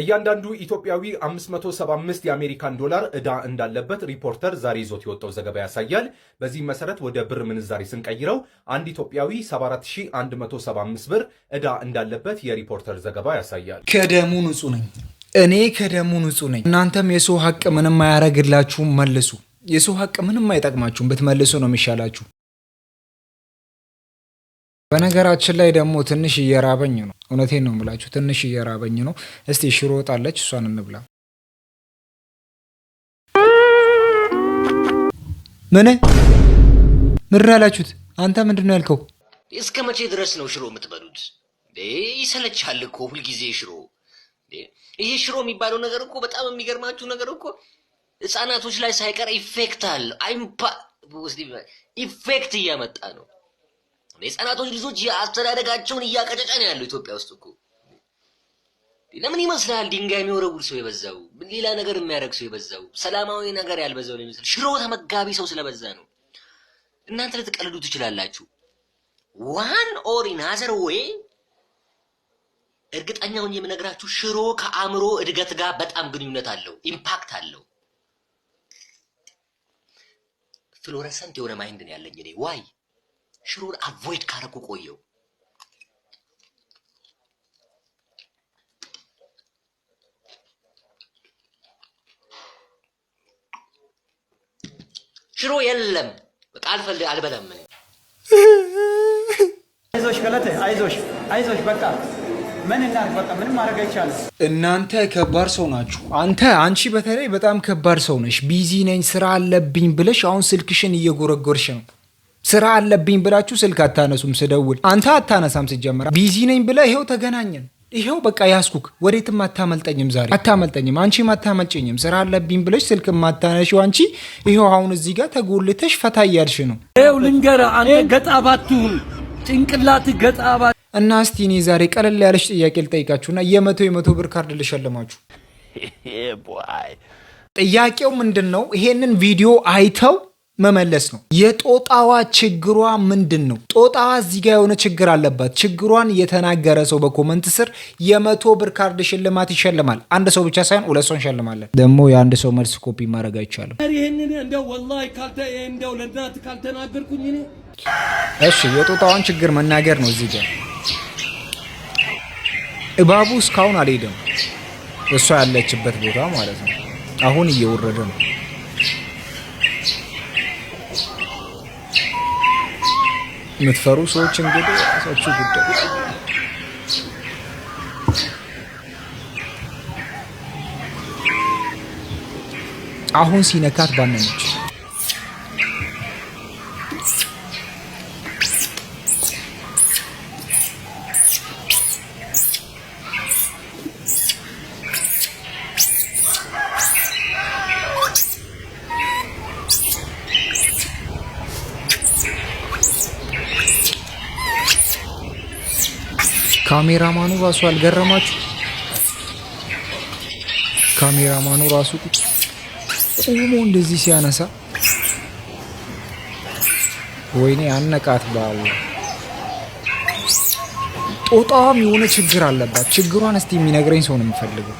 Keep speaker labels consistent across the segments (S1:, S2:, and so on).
S1: እያንዳንዱ ኢትዮጵያዊ 575 የአሜሪካን ዶላር ዕዳ እንዳለበት ሪፖርተር ዛሬ ይዞት የወጣው ዘገባ ያሳያል። በዚህም መሰረት ወደ ብር ምንዛሬ ስንቀይረው አንድ ኢትዮጵያዊ 74175 ብር ዕዳ እንዳለበት የሪፖርተር ዘገባ ያሳያል።
S2: ከደሙ ንጹህ ነኝ፣ እኔ ከደሙ ንጹህ ነኝ። እናንተም የሰው ሀቅ ምንም አያረግላችሁም መልሱ። የሰው ሀቅ ምንም አይጠቅማችሁም፣ ብትመልሱ ነው የሚሻላችሁ። በነገራችን ላይ ደግሞ ትንሽ እየራበኝ ነው። እውነቴን ነው የምላችሁ ትንሽ እየራበኝ ነው። እስቲ ሽሮ ወጣለች እሷን እንብላ። ምን ምድር ያላችሁት? አንተ ምንድን ነው ያልከው?
S3: እስከ መቼ ድረስ ነው ሽሮ የምትበሉት? ይሰለቻል እኮ ሁልጊዜ ሽሮ። ይሄ ሽሮ የሚባለው ነገር እኮ በጣም የሚገርማችሁ ነገር እኮ ህጻናቶች ላይ ሳይቀር ኢፌክት አለ፣ ኢፌክት እያመጣ ነው የህፃናቶች ልጆች የአስተዳደጋቸውን እያቀጨጨ ነው ያለው ኢትዮጵያ ውስጥ እኮ። ለምን ይመስላል ድንጋይ የሚወረውር ሰው የበዛው? ሌላ ነገር የሚያደርግ ሰው የበዛው? ሰላማዊ ነገር ያልበዛው ነው የሚመስል። ሽሮ ተመጋቢ ሰው ስለበዛ ነው። እናንተ ልትቀልዱ ትችላላችሁ። ዋን ኦር ናዘር ወይ እርግጠኛውን የምነግራችሁ ሽሮ ከአእምሮ እድገት ጋር በጣም ግንኙነት አለው፣ ኢምፓክት አለው። ፍሎረሰንት የሆነ ማይንድ ነው ያለኝ እኔ ዋይ ሽሮን አቮይድ ካረኩ ቆየው። ሽሮ የለም፣ በቃ አልፈልግ አልበለም።
S4: አይዞሽ ገለቴ፣ አይዞሽ አይዞሽ፣ በቃ ምን እናድርግ፣ በቃ ምንም ማድረግ አይቻልም።
S2: እናንተ ከባድ ሰው ናችሁ። አንተ አንቺ በተለይ በጣም ከባድ ሰው ነሽ። ቢዚ ነኝ ስራ አለብኝ ብለሽ አሁን ስልክሽን እየጎረጎርሽ ነው። ስራ አለብኝ ብላችሁ ስልክ አታነሱም። ስደውል አንተ አታነሳም። ስጀምር ቢዚ ነኝ ብለህ ይኸው ተገናኘን። ይኸው በቃ ያስኩክ። ወዴትም አታመልጠኝም፣ ዛሬ አታመልጠኝም፣ አንቺም አታመልጭኝም። ስራ አለብኝ ብለሽ ስልክ የማታነሺው አንቺ ይኸው አሁን እዚህ ጋር ተጎልተሽ ፈታ እያልሽ ነው።
S4: ይኸው ልንገርህ፣ አንተ ገጣባትሁን ጭንቅላት ገጣባ
S2: እና እስቲ እኔ ዛሬ ቀለል ያለሽ ጥያቄ ልጠይቃችሁና የመቶ የመቶ ብር ካርድ ልሸልማችሁ። ጥያቄው ምንድን ነው? ይሄንን ቪዲዮ አይተው መመለስ ነው። የጦጣዋ ችግሯ ምንድን ነው? ጦጣዋ እዚህ ጋር የሆነ ችግር አለባት። ችግሯን የተናገረ ሰው በኮመንት ስር የመቶ ብር ካርድ ሽልማት ይሸልማል። አንድ ሰው ብቻ ሳይሆን ሁለት ሰው እንሸልማለን። ደግሞ የአንድ ሰው መልስ ኮፒ ማድረግ አይቻልም።
S4: ይህንን እንደው ወላሂ እንደው ካልተናገርኩኝ እኔ
S2: እሺ፣ የጦጣዋን ችግር መናገር ነው። እዚህ ጋር እባቡ እስካሁን አልሄደም። እሷ ያለችበት ቦታ ማለት ነው። አሁን እየወረደ ነው። የምትፈሩ ሰዎች እንግዲህ ራሳችሁ ጉዳይ አሁን ሲነካት ባነነች ካሜራማኑ ራሱ አልገረማችሁ? ካሜራማኑ ራሱ ቁሞ እንደዚህ ሲያነሳ ወይኔ አነቃት። ባው ጦጣም የሆነ ችግር አለባት። ችግሯን እስቲ የሚነግረኝ ሰው ነው የምፈልገው።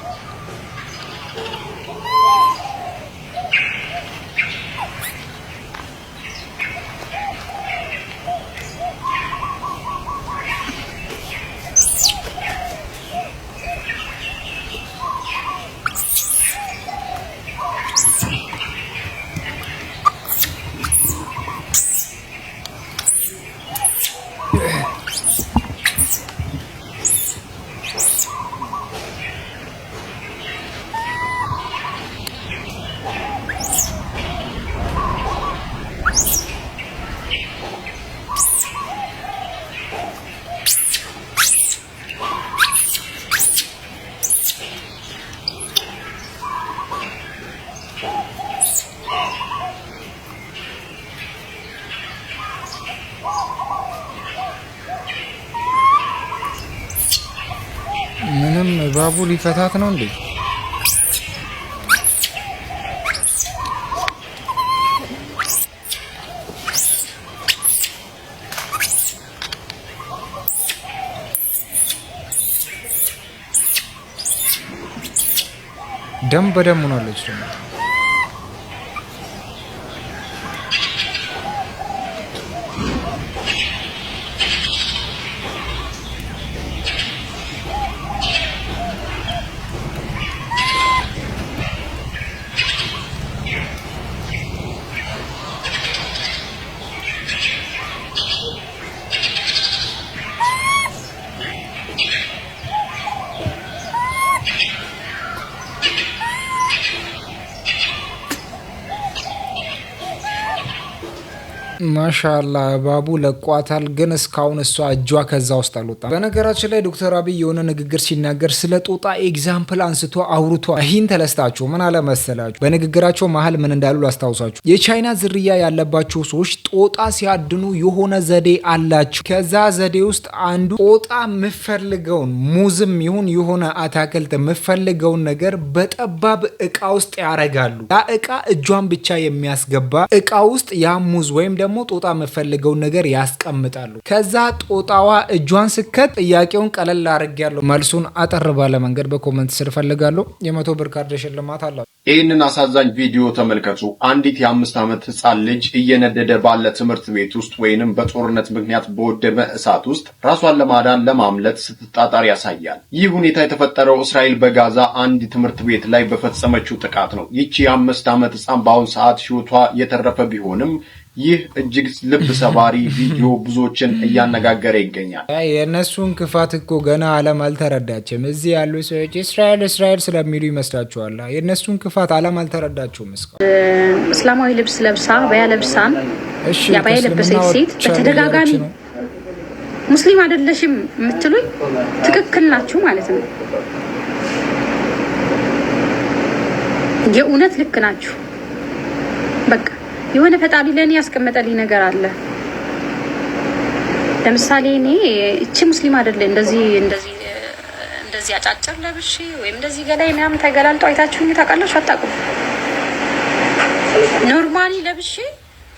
S2: እባቡ ሊፈታት ነው እንዴ? ደም በደም ሆናለች ደግሞ ማሻላ እባቡ ለቋታል፣ ግን እስካሁን እሷ እጇ ከዛ ውስጥ አልወጣም። በነገራችን ላይ ዶክተር አብይ የሆነ ንግግር ሲናገር ስለ ጦጣ ኤግዛምፕል አንስቶ አውርቷል ይህን ተለስታችሁ ምን አለ መሰላችሁ፣ በንግግራቸው መሀል ምን እንዳሉ ላስታውሳችሁ። የቻይና ዝርያ ያለባቸው ሰዎች ጦጣ ሲያድኑ የሆነ ዘዴ አላቸው። ከዛ ዘዴ ውስጥ አንዱ ጦጣ የምፈልገውን ሙዝም ይሁን የሆነ አታክልት የምፈልገውን ነገር በጠባብ እቃ ውስጥ ያረጋሉ። ያ እቃ እጇን ብቻ የሚያስገባ እቃ ውስጥ ያ ሙዝ ወይም ደግሞ ጦጣ ጦጣ የምፈልገውን ነገር ያስቀምጣሉ። ከዛ ጦጣዋ እጇን ስከት ጥያቄውን ቀለል አድርግ ያለው መልሱን አጠር ባለ መንገድ በኮመንት ስር ፈልጋሉ። የመቶ ብር ካርድ ሽልማት አላ።
S1: ይህንን አሳዛኝ ቪዲዮ ተመልከቱ። አንዲት የአምስት ዓመት ህፃን ልጅ እየነደደ ባለ ትምህርት ቤት ውስጥ ወይንም በጦርነት ምክንያት በወደመ እሳት ውስጥ ራሷን ለማዳን ለማምለጥ ስትጣጣር ያሳያል። ይህ ሁኔታ የተፈጠረው እስራኤል በጋዛ አንድ ትምህርት ቤት ላይ በፈጸመችው ጥቃት ነው። ይቺ የአምስት ዓመት ህፃን በአሁኑ ሰዓት ህይወቷ የተረፈ ቢሆንም ይህ እጅግ ልብ ሰባሪ ቪዲዮ ብዙዎችን እያነጋገረ ይገኛል።
S2: የእነሱን ክፋት እኮ ገና ዓለም አልተረዳችም። እዚህ ያሉ ሰዎች እስራኤል እስራኤል ስለሚሉ ይመስላችኋል? የእነሱን ክፋት ዓለም አልተረዳችውም። እስ
S5: እስላማዊ ልብስ ለብሳ በያ ለብሳም ያባያ ሴት በተደጋጋሚ ሙስሊም አይደለሽም የምትሉኝ ትክክል ናችሁ ማለት ነው። የእውነት ልክ ናችሁ በቃ የሆነ ፈጣሪ ለእኔ ያስቀመጠልኝ ነገር አለ። ለምሳሌ እኔ እቺ ሙስሊም አይደለ እንደዚህ እንደዚህ እንደዚህ አጫጭር ለብሼ ወይም እንደዚህ ገላይ ምናምን ተገላልጦ አይታችሁኝ ታውቃላችሁ? አታውቁም። ኖርማሊ ለብሼ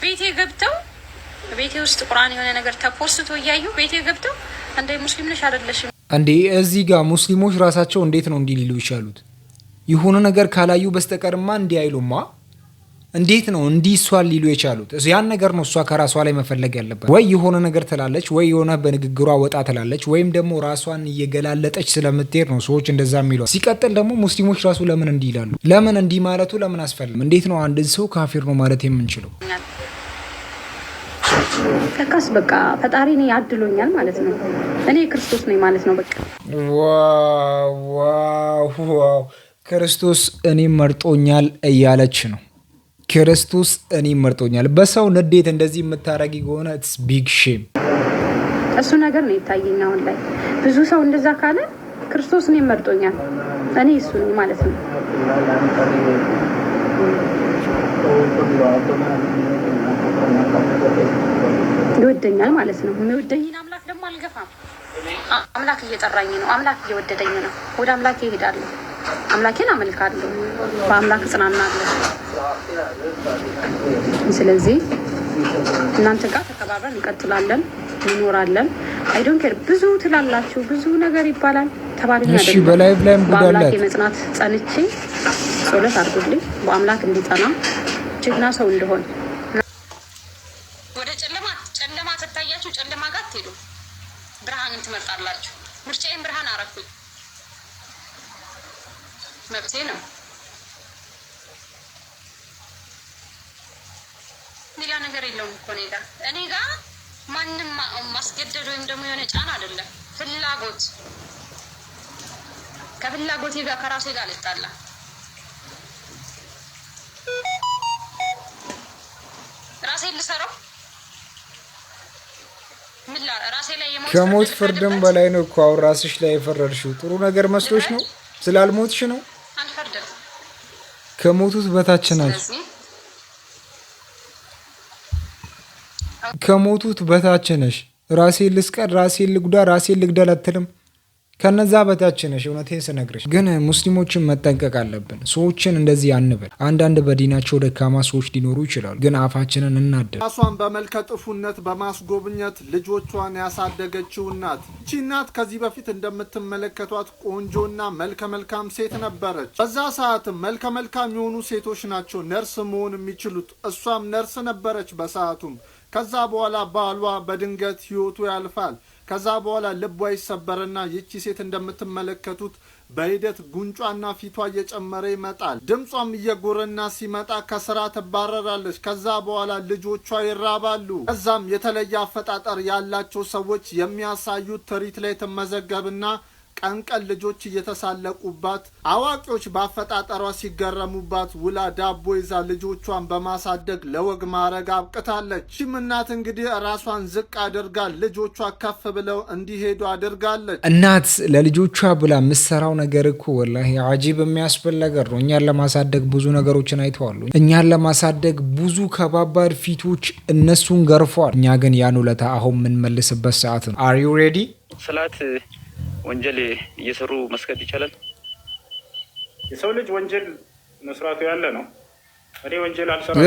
S5: ቤቴ ገብተው ቤቴ ውስጥ ቁርአን የሆነ ነገር ተፖስቶ እያዩ ቤቴ ገብተው እንደ ሙስሊም ነሽ አይደለሽም
S2: እንዴ? እዚህ ጋር ሙስሊሞች ራሳቸው እንዴት ነው እንዲህ ሊሉ ይቻሉት? የሆነ ነገር ካላዩ በስተቀርማ እንዲህ አይሉማ። እንዴት ነው እንዲህ እሷን ሊሉ የቻሉት? ያን ነገር ነው እሷ ከራሷ ላይ መፈለግ ያለባት። ወይ የሆነ ነገር ትላለች፣ ወይ የሆነ በንግግሯ ወጣ ትላለች፣ ወይም ደግሞ ራሷን እየገላለጠች ስለምትሄድ ነው ሰዎች እንደዛ የሚሏት። ሲቀጥል ደግሞ ሙስሊሞች ራሱ ለምን እንዲህ ይላሉ? ለምን እንዲህ ማለቱ ለምን አስፈልም? እንዴት ነው አንድን ሰው ካፊር ነው ማለት የምንችለው?
S5: ተካስ በቃ ፈጣሪ እኔ አድሎኛል ማለት ነው። እኔ ክርስቶስ ነኝ ማለት ነው። በቃ
S2: ዋው ዋው ዋው ክርስቶስ እኔ መርጦኛል እያለች ነው ክርስቶስ እኔ መርጦኛል። በሰው ንዴት እንደዚህ የምታረጊ ከሆነ ኢትስ ቢግ ሼም።
S5: እሱ ነገር ነው የታየኝ አሁን ላይ ብዙ ሰው እንደዛ ካለ ክርስቶስ እኔ መርጦኛል፣ እኔ እሱ ማለት ነው። ይወደኛል ማለት ነው። የሚወደኝን አምላክ ደግሞ አልገፋም። አምላክ እየጠራኝ ነው። አምላክ እየወደደኝ ነው። ወደ አምላኬ እሄዳለሁ። አምላኬን አመልካለሁ። በአምላክ እጽናናለሁ። ስለዚህ እናንተ ጋር ተከባብረን እንቀጥላለን፣ እንኖራለን። ዶንት ኬር ብዙ ትላላችሁ፣ ብዙ ነገር ይባላል።
S2: ተባልሽ በላይቭ ላይ
S5: በአምላክ የመጽናት ጸንቼ ጸሎት አድርጉልኝ፣ በአምላክ እንዲጸና ችግና ሰው እንደሆን ፍላጎት ከፍላጎቴ ጋር ከራሴ ጋር ልጣላ ራሴ ልሰራው
S2: ከሞት ፍርድም በላይ ነው እኮ አሁን ራስሽ ላይ የፈረድሽው። ጥሩ ነገር መስሎሽ ነው ስላልሞትሽ ነው። ከሞቱት በታች ናቸው። ከሞቱት በታች ነሽ። ራሴን ልስቀር፣ ራሴን ልጉዳ፣ ራሴን ልግደል አትልም። ከነዛ በታች ነሽ። እውነቴን ስነግርሽ ግን ሙስሊሞችን መጠንቀቅ አለብን። ሰዎችን እንደዚህ አንበል። አንዳንድ በዲናቸው ደካማ ሰዎች ሊኖሩ ይችላሉ፣ ግን አፋችንን እናድል። ራሷን በመልከ ጥፉነት በማስጎብኘት ልጆቿን ያሳደገችው እናት እቺ እናት ከዚህ በፊት እንደምትመለከቷት ቆንጆና መልከ መልካም ሴት ነበረች። በዛ ሰዓትም መልከ መልካም የሆኑ ሴቶች ናቸው ነርስ መሆን የሚችሉት። እሷም ነርስ ነበረች በሰዓቱም ከዛ በኋላ ባሏ በድንገት ህይወቱ ያልፋል። ከዛ በኋላ ልቧ ይሰበርና ይቺ ሴት እንደምትመለከቱት በሂደት ጉንጯና ፊቷ እየጨመረ ይመጣል። ድምጿም እየጎረና ሲመጣ ከስራ ትባረራለች። ከዛ በኋላ ልጆቿ ይራባሉ። ከዛም የተለየ አፈጣጠር ያላቸው ሰዎች የሚያሳዩት ትርኢት ላይ ትመዘገብና ቀን ቀን ልጆች እየተሳለቁባት አዋቂዎች በአፈጣጠሯ ሲገረሙባት ውላ ዳቦ ይዛ ልጆቿን በማሳደግ ለወግ ማዕረግ አብቅታለች። ይህም እናት እንግዲህ ራሷን ዝቅ አድርጋ ልጆቿ ከፍ ብለው እንዲሄዱ አድርጋለች። እናት ለልጆቿ ብላ የምሰራው ነገር እኮ ወላሂ አጂብ የሚያስፈለገር ነው። እኛን ለማሳደግ ብዙ ነገሮችን አይተዋሉ። እኛን ለማሳደግ ብዙ ከባባድ ፊቶች እነሱን ገርፏል። እኛ ግን ያን ውለታ አሁን የምንመልስበት ሰዓት ነው። አር ዩ ሬዲ
S1: ስላት ወንጀል እየሰሩ መስገድ ይቻላል? የሰው ልጅ ወንጀል መስራቱ ያለ ነው። እኔ ወንጀል አልሰራም።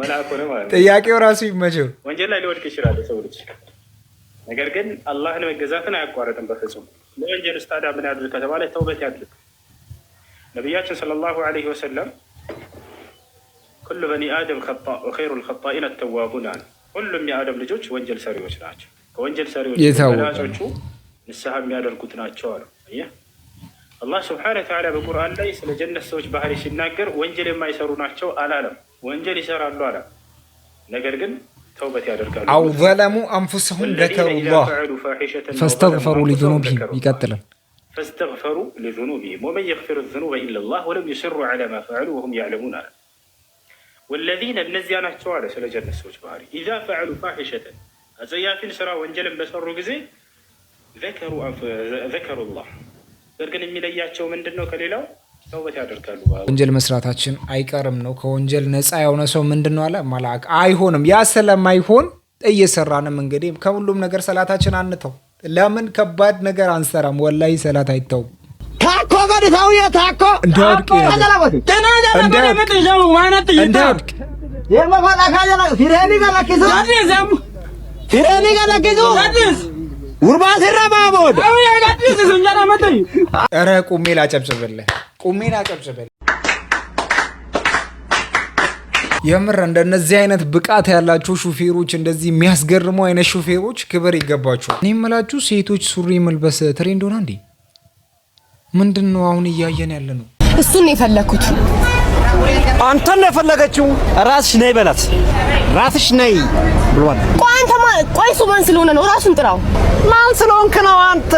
S2: መልአክ ሆነ ማለት ጥያቄው ራሱ ይመቸው።
S1: ወንጀል ላይ ሊወድቅ ይችላል የሰው ልጅ ነገር ግን አላህን መገዛትን አያቋረጥም በፍጹም። ለወንጀል ውስጥ ምን ያድርግ ከተባለ ተውበት ያድርግ። ነቢያችን ሰለላሁ ዐለይሂ ወሰለም ኩሉ በኒ አደም ወኸይሩ ልከጣኢን አተዋቡን አሉ። ሁሉም የአደም ልጆች ወንጀል ሰሪዎች ናቸው። ከወንጀል ሰሪዎች ዳጮቹ ንስሐ የሚያደርጉት ናቸው አሉ። አላህ ስብሐነ ወተዓላ በቁርአን ላይ ስለ ጀነት ሰዎች ባህሪ ሲናገር ወንጀል የማይሰሩ ናቸው አላለም። ወንጀል ይሰራሉ አለ። ነገር ግን ተውበት ያደርጋሉ።
S2: አው ዘለሙ አንፉሰሁም ዘከሩላህ ፈስተግፈሩ ሊዙኑብሂም ይቀጥላል።
S1: ፈስተግፈሩ ሊዙኑብሂም ወመን የግፊሩ ዙኑበ ኢለላህ ወለም ዩስሩ ዐላ ማ ፈዐሉ ወሁም ያዕለሙን አለ። ወለዚነ እነዚያ ናቸው አለ ስለ ጀነት ሰዎች ባህሪ ኢዛ ፈዐሉ ፋሒሸተን አጸያፊን ስራ ወንጀልን በሰሩ ጊዜ ዘከሩላህ ነገር ግን የሚለያቸው ምንድን ነው ከሌላው ተውበት ያደርጋሉ።
S2: ወንጀል መስራታችን አይቀርም ነው። ከወንጀል ነፃ የሆነ ሰው ምንድን ነው አለ መላእክ አይሆንም። ያ ስለማይሆን እየሰራንም እንግዲህ ከሁሉም ነገር ሰላታችን አንተው። ለምን ከባድ ነገር አንሰራም? ወላይ ሰላት አይተውም። ታኮ በድታውየ ታኮ እንዳወድቅ ኧረ ቁሜ ላጨብጭብልህ፣ ቁሜ ላጨብጭብልህ። የምር እንደነዚህ አይነት ብቃት ያላቸው ሹፌሮች፣ እንደዚህ የሚያስገርሙ አይነት ሹፌሮች ክብር ይገባቸዋል። እኔ የምላችሁ ሴቶች ሱሪ መልበስ ትሬንድ ሆና እንዴ? ምንድን ነው አሁን እያየን ያለ ነው? እሱን የፈለግኩት አንተን ነው የፈለገችው። ራስሽ ነይ በላት፣ ራስሽ ነይ ብሏል። ቆይ እሱ ማን ስለሆነ ነው? ራሱን ጥራው። ማን ስለሆንክ ነው አንተ?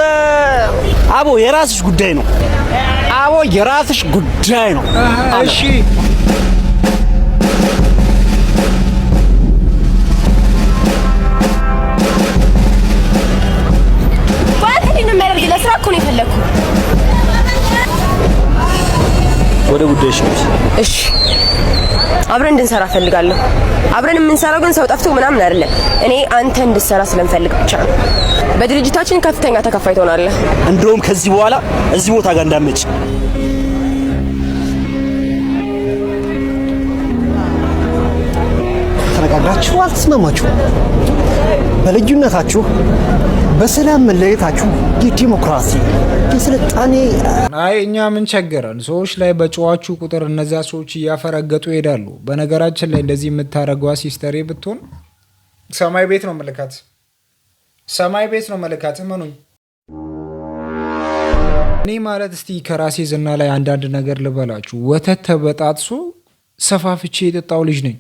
S2: አቦ የራስሽ ጉዳይ ነው። አቦ የራስሽ ጉዳይ ነው። እሺ ወደ ጉዳይሽ እሺ አብረን እንድንሰራ ፈልጋለሁ። አብረን የምንሰራው ግን ሰው ጠፍቶ ምናምን አይደለም። እኔ አንተ እንድሰራ ስለምፈልግ ብቻ ነው። በድርጅታችን ከፍተኛ ተከፋይ ትሆናለህ። እንደውም ከዚህ በኋላ እዚህ ቦታ ጋር እንዳመጭ ተረጋጋችሁ። አልተስማማችሁ በልዩነታችሁ በሰላም መለየታችሁ የዲሞክራሲ የስልጣኔ አይ እኛ ምን ቸገረን? ሰዎች ላይ በጨዋችሁ ቁጥር እነዚያ ሰዎች እያፈረገጡ ይሄዳሉ። በነገራችን ላይ እንደዚህ የምታደርገዋ ሲስተሬ ብትሆን ሰማይ ቤት ነው መልካት፣ ሰማይ ቤት ነው መልካት። እመኑኝ እኔ ማለት እስቲ ከራሴ ዝና ላይ አንዳንድ ነገር ልበላችሁ። ወተት ተበጣጥሶ ሰፋፍቼ የጠጣው ልጅ ነኝ።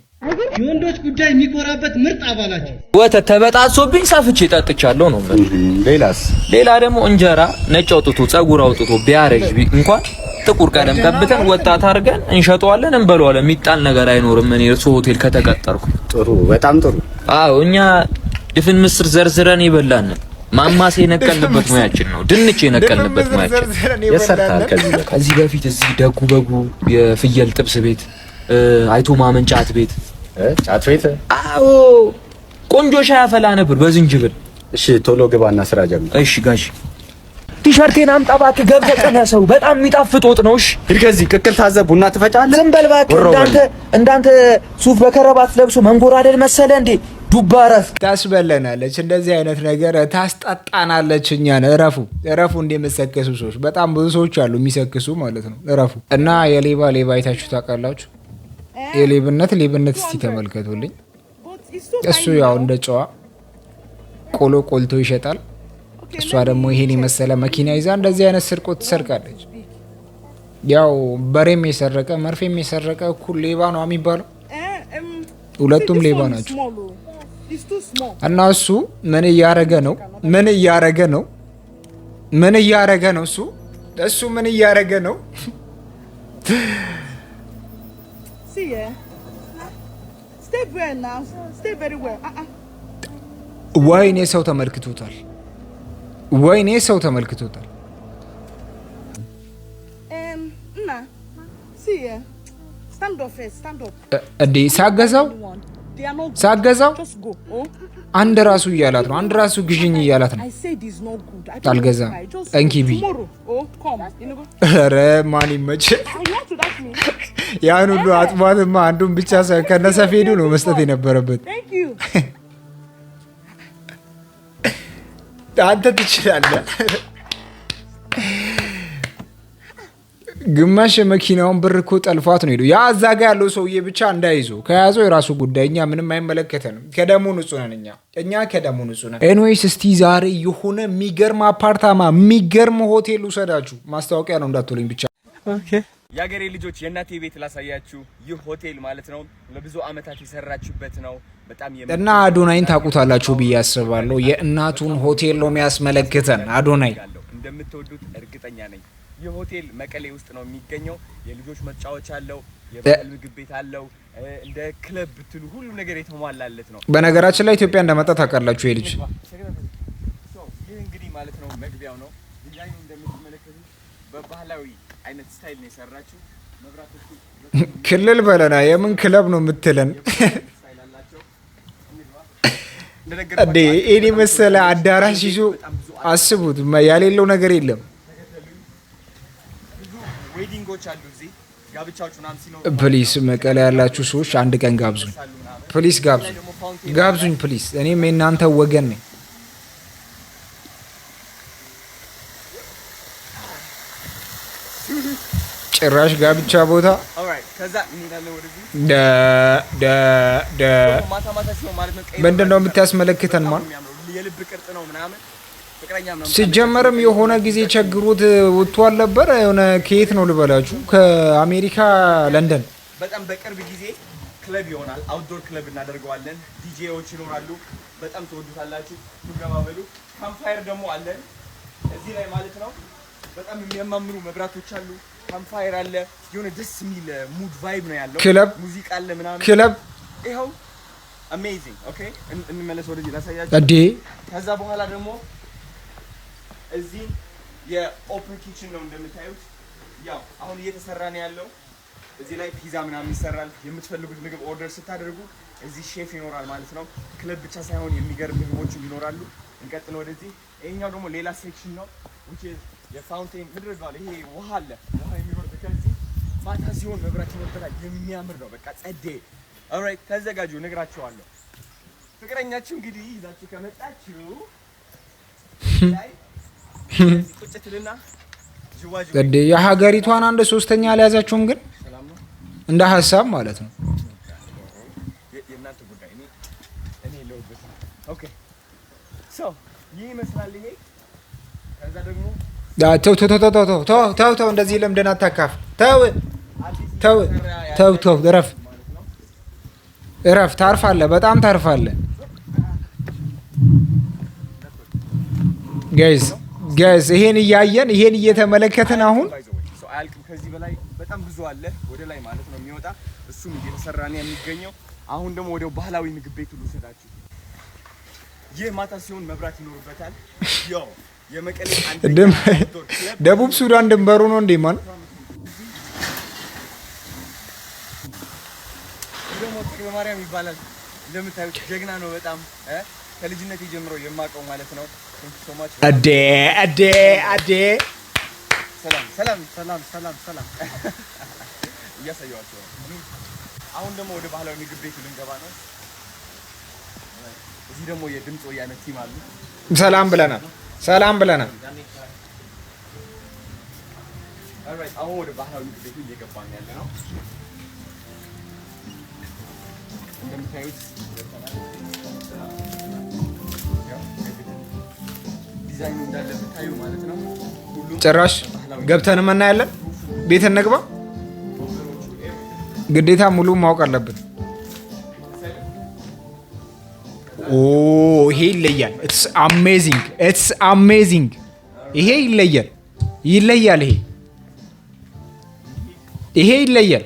S2: የወንዶች ጉዳይ የሚኮራበት ምርጥ አባላቸው ወተት ተበጣሶብኝ ሰፍቼ ጠጥቻለሁ ነው። ሌላስ ሌላ ደግሞ እንጀራ ነጭ አውጥቶ ጸጉር አውጥቶ ቢያረጅ እንኳን ጥቁር ቀለም ቀብተን ወጣት አድርገን እንሸጠዋለን እንበለዋለን። የሚጣል ነገር አይኖርም። እኔ እርሶ ሆቴል ከተቀጠርኩ ጥሩ፣ በጣም ጥሩ። አዎ እኛ ድፍን ምስር ዘርዝረን ይበላን። ማማሴ የነቀልንበት ሙያችን ነው። ድንች የነቀልንበት ሙያችን የሰርታል። ከዚህ በፊት እዚህ ደጉ በጉ የፍየል ጥብስ ቤት አይቶ ማመንጫት ቤት ጫት አዎ፣ ቆንጆ ሻይ አፈላ ነበር በዝንጅብል። እሺ፣ ቶሎ ግባና ስራ ጀምር። እሺ ጋሽ ቲሸርቴን አምጣ እባክህ። ገብተህ ቀነሰው። በጣም የሚጣፍጥ ወጥ ነው። እሺ ሂድ ከዚህ ቅቅል ታዘብ፣ ቡና ትፈጫለህ። ዝም በል እባክህ። እንዳንተ እንዳንተ ሱፍ በከረባት ለብሶ መንጎራደድ መሰለ እንዴ? ዱባ እረፍ። ታስበለናለች። እንደዚህ አይነት ነገር ታስጣጣናለች እኛን። እረፉ፣ እረፉ። እንደ የምትሰክሱ ሰዎች በጣም ብዙ ሰዎች አሉ የሚሰክሱ ማለት ነው። እረፉ እና የሌባ ሌባ አይታችሁ ታውቃላችሁ? የሌብነት ሌብነት እስቲ ተመልከቱልኝ። እሱ ያው እንደ ጨዋ ቆሎ ቆልቶ ይሸጣል። እሷ ደግሞ ይሄን የመሰለ መኪና ይዛ እንደዚህ አይነት ስርቆት ትሰርቃለች። ያው በሬም የሰረቀ መርፌም የሰረቀ እኩል ሌባ ነው የሚባለው። ሁለቱም ሌባ ናቸው። እና እሱ ምን እያረገ ነው? ምን እያረገ ነው? ምን እያረገ ነው? እሱ እሱ ምን እያረገ ነው? See ya. Stay well now. Stay very well. Ah, ah. ወይኔ ሰው ተመልክቶታል። ወይኔ ሰው ተመልክቶታል። እና ሲ ስታንድ ኦፍ ስታንድ ኦፍ እንዴ ሳገዛው ሳገዛው አንድ ራሱ እያላት ነው። አንድ ራሱ ግዥኝ እያላት ነው። አልገዛም። ጠንኪ ቢ ኧረ ማን ይመች። ያን ሁሉ አጥቧትማ አንዱን ብቻ ከነሰፌዱ ነው መስጠት የነበረበት። አንተ ትችላለህ። ግማሽ የመኪናውን ብር እኮ ጠልፏት ነው ሄዱ። ያ እዛ ጋ ያለው ሰውዬ ብቻ እንዳይዞ፣ ከያዘው የራሱ ጉዳይ፣ እኛ ምንም አይመለከተንም። ከደሙ ንጹህ ነን እኛ እኛ ከደሙ ንጹህ ነን። ኤንዌይስ እስቲ ዛሬ የሆነ የሚገርም አፓርታማ የሚገርም ሆቴል ውሰዳችሁ። ማስታወቂያ ነው እንዳትሉኝ ብቻ የአገሬ ልጆች የእናቴ ቤት ላሳያችሁ። ይህ ሆቴል ማለት ነው ለብዙ ዓመታት የሰራችሁበት ነው። እና አዶናይን ታውቁታላችሁ ብዬ አስባለሁ። የእናቱን ሆቴል ነው የሚያስመለክተን። አዶናይ እንደምትወዱት እርግጠኛ ነኝ። ይህ ሆቴል መቀሌ ውስጥ ነው የሚገኘው። የልጆች መጫወቻ አለው፣ የባህል ምግብ ቤት አለው፣ እንደ ክለብ ብትሉ ሁሉ ነገር የተሟላለት ነው። በነገራችን ላይ ኢትዮጵያ እንደመጣ ታውቃላችሁ። ልጅ ይህ እንግዲህ ማለት ነው መግቢያው ነው። ዲዛይኑ እንደምትመለከቱ በባህላዊ አይነት ስታይል ነው የሰራችው። ክልል በለና የምን ክለብ ነው የምትለን እንዴ? እኔ መሰለ አዳራሽ ይዞ አስቡት፣ ያሌለው ነገር የለም። ፕሊስ መቀሌ ያላችሁ ሰዎች አንድ ቀን ጋብዙኝ። ፕሊስ ጋብዙኝ፣ ጋብዙኝ ፕሊስ። እኔም የእናንተ ወገን ነኝ። ጭራሽ ጋብቻ ቦታ ምንድን ነው የምታስመለክተን? ማ የልብ ቅርጽ ነው ምናምን ሲጀመርም የሆነ ጊዜ ቸግሮት ወጥቶ አልነበረ? የሆነ ከየት ነው ልበላችሁ፣ ከአሜሪካ ለንደን። በጣም በቅርብ ጊዜ ክለብ ይሆናል። አውትዶር ክለብ እናደርገዋለን። ዲጄዎች ይኖራሉ። በጣም ትወዱታላችሁ። ትገባበሉ። ካምፋየር ደግሞ አለን እዚህ ላይ ማለት ነው። በጣም የሚያማምሩ መብራቶች አሉ። ካምፋየር አለ። የሆነ ደስ የሚል ሙድ ቫይብ ነው ያለው። ክለብ ሙዚቃ አለ ምናምን። ክለብ ይኸው አሜዚንግ። ኦኬ፣ እንመለስ ወደዚህ ላሳያችሁ። ከዛ በኋላ ደግሞ እዚህ የኦፕን ኪችን ነው እንደምታዩት። ያው አሁን እየተሰራ ነው ያለው። እዚህ ላይ ፒዛ ምናምን ይሰራል። የምትፈልጉት ምግብ ኦርደር ስታደርጉ እዚህ ሼፍ ይኖራል ማለት ነው። ክለብ ብቻ ሳይሆን የሚገርም ምግቦችም ይኖራሉ። እንቀጥል ወደዚህ። ይሄኛው ደግሞ ሌላ ሴክሽን ነው የፋውንቴን ምድር ይባል ይሄ ውሃ አለ። ውሃ የሚኖር ከዚህ ማታ ሲሆን መብራት ይወርዳል። የሚያምር ነው። በቃ ጸዴ ኦልራይት፣ ተዘጋጁ፣ እነግራችኋለሁ። ፍቅረኛችሁ እንግዲህ ይዛችሁ ከመጣችሁ ግድ የሀገሪቷን አንድ ሶስተኛ አልያዛችሁም፣ ግን እንደ ሀሳብ ማለት ነው። ተው ተው እንደዚህ ለምደን አታካፍ። ተው ተው ተው ተው፣ እረፍ እረፍ። ታርፋለህ፣ በጣም ታርፋለህ ጋይዝ ገዝ ይሄን እያየን ይሄን እየተመለከትን አሁን አያልቅም። ከዚህ በላይ በጣም ብዙ አለ ወደ ላይ ማለት ነው የሚወጣ እሱም እየተሰራ ነው የሚገኘው። አሁን ደግሞ ወደ ባህላዊ ምግብ ቤት ሁሉ ሰዳችሁ ይህ ማታ ሲሆን መብራት ይኖርበታል። ያው የመቀሌ ደቡብ ሱዳን ድንበሩ ነው እንዴ ማን ደግሞ ማርያም ይባላል። እንደምታዩት ጀግና ነው በጣም ከልጅነት ጀምሮ የማውቀው ማለት ነው። አዴ አዴ አዴ ሰላም ሰላም ሰላም ሰላም ሰላም እያሳየኋቸው ነው። አሁን ደግሞ ወደ ባህላዊ ምግብ ቤት ልንገባ ነው። እዚህ ደግሞ የድምፅ ወያነ ቲም አሉ። ሰላም ብለናል፣ ሰላም ብለናል። አሁን ወደ ባህላዊ ምግብ ቤት እየገባን ያለ ነው እንደምታዩት እንዳለ ብታዩ ማለት ነው። ጭራሽ ገብተን እናያለን። ቤት እንግባ። ግዴታ ሙሉ ማወቅ አለብን። ኦ ይሄ ይለያል። ኢትስ አሜዚንግ ኢትስ አሜዚንግ። ይሄ ይለያል ይለያል። ይሄ ይሄ ይለያል።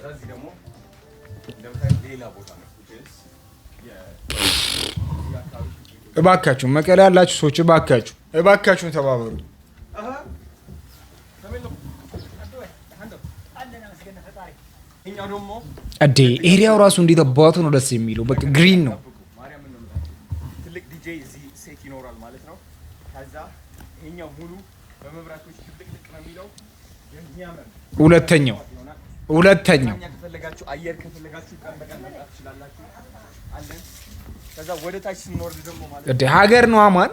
S2: እባካችሁ መቀሌ ያላችሁ ሰዎች እባካችሁ እባካችሁን ተባበሩ። እዴ ኤሪያው ራሱ እንዴት አባቱ ነው ደስ የሚለው። በቃ ግሪን ነው። ትልቅ ዲጄ እዚህ ሴት ይኖራል ማለት ነው። ከዛ ይሄኛው ሙሉ በመብራቶች ትልቅልቅ ነው የሚለው። ሁለተኛው ሁለተኛው ከፈለጋችሁ አየር ከፈለጋችሁ ቀን በቀን ትችላላችሁ። አለን። ከዛ ወደ ታች ስንወርድ ደግሞ ማለት ሀገር ነው አማን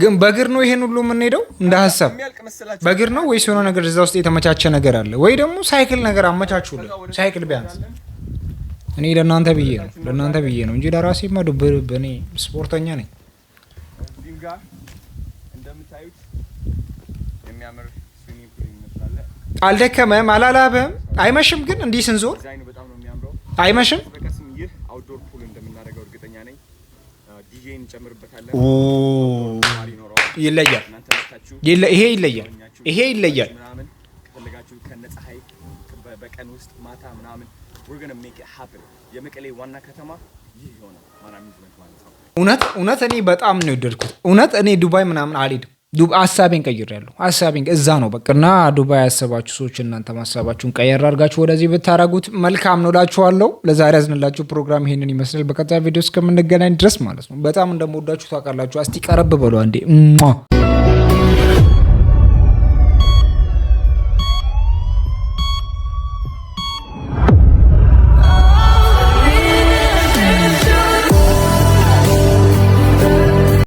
S2: ግን በእግር ነው ይሄን ሁሉ የምንሄደው? እንደ ሀሳብ በእግር ነው ወይስ የሆነ ነገር እዛ ውስጥ የተመቻቸ ነገር አለ ወይ? ደግሞ ሳይክል ነገር አመቻቹልን። ሳይክል ቢያንስ እኔ ለእናንተ ብዬ ነው ለእናንተ ብዬ ነው እንጂ ለራሴማ ድብርብ። እኔ ስፖርተኛ ነኝ። አልደከመም፣ አላላበም። አይመሽም ግን እንዲህ ስንዞር አይመሽም ይለያል። ይሄ ይለያል። ይሄ ይለያል። በቀን ውስጥ ማታ ምናምን የመቀሌ ዋና ከተማ ይሆናል። እውነት እውነት እኔ በጣም ነው የወደድኩት። እውነት እኔ ዱባይ ምናምን አልሄድም ሀሳቤን ቀይሬያለሁ። ሀሳቤን እዛ ነው በቅና እና ዱባይ ያሰባችሁ ሰዎች እናንተ ሀሳባችሁን ቀየር አድርጋችሁ ወደዚህ ብታረጉት መልካም ነው እላችኋለሁ። ለዛሬ ያዝንላችሁ ፕሮግራም ይሄንን ይመስላል። በቀጣይ ቪዲዮ እስከምንገናኝ ድረስ ማለት ነው በጣም እንደምወዳችሁ ታውቃላችሁ። አስቲ ቀረብ በሉ አንዴ